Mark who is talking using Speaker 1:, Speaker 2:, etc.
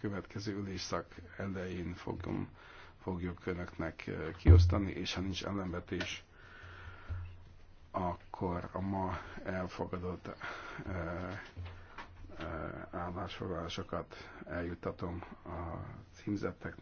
Speaker 1: következő ülésszak elején fogom, fogjuk önöknek eh, kiosztani, és ha nincs ellenvetés, akkor a ma elfogadott e, e, állásfoglalásokat
Speaker 2: eljuttatom a címzettek